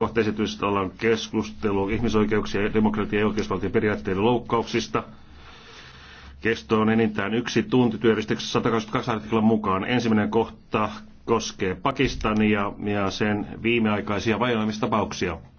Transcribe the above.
Kohta esityksellä on keskustelu ihmisoikeuksia, ja demokratia- ja oikeusvaltion periaatteiden loukkauksista. Kesto on enintään yksi tunti työjärjestyksessä 122 artiklan mukaan. Ensimmäinen kohta koskee Pakistania ja sen viimeaikaisia vainoamistapauksia.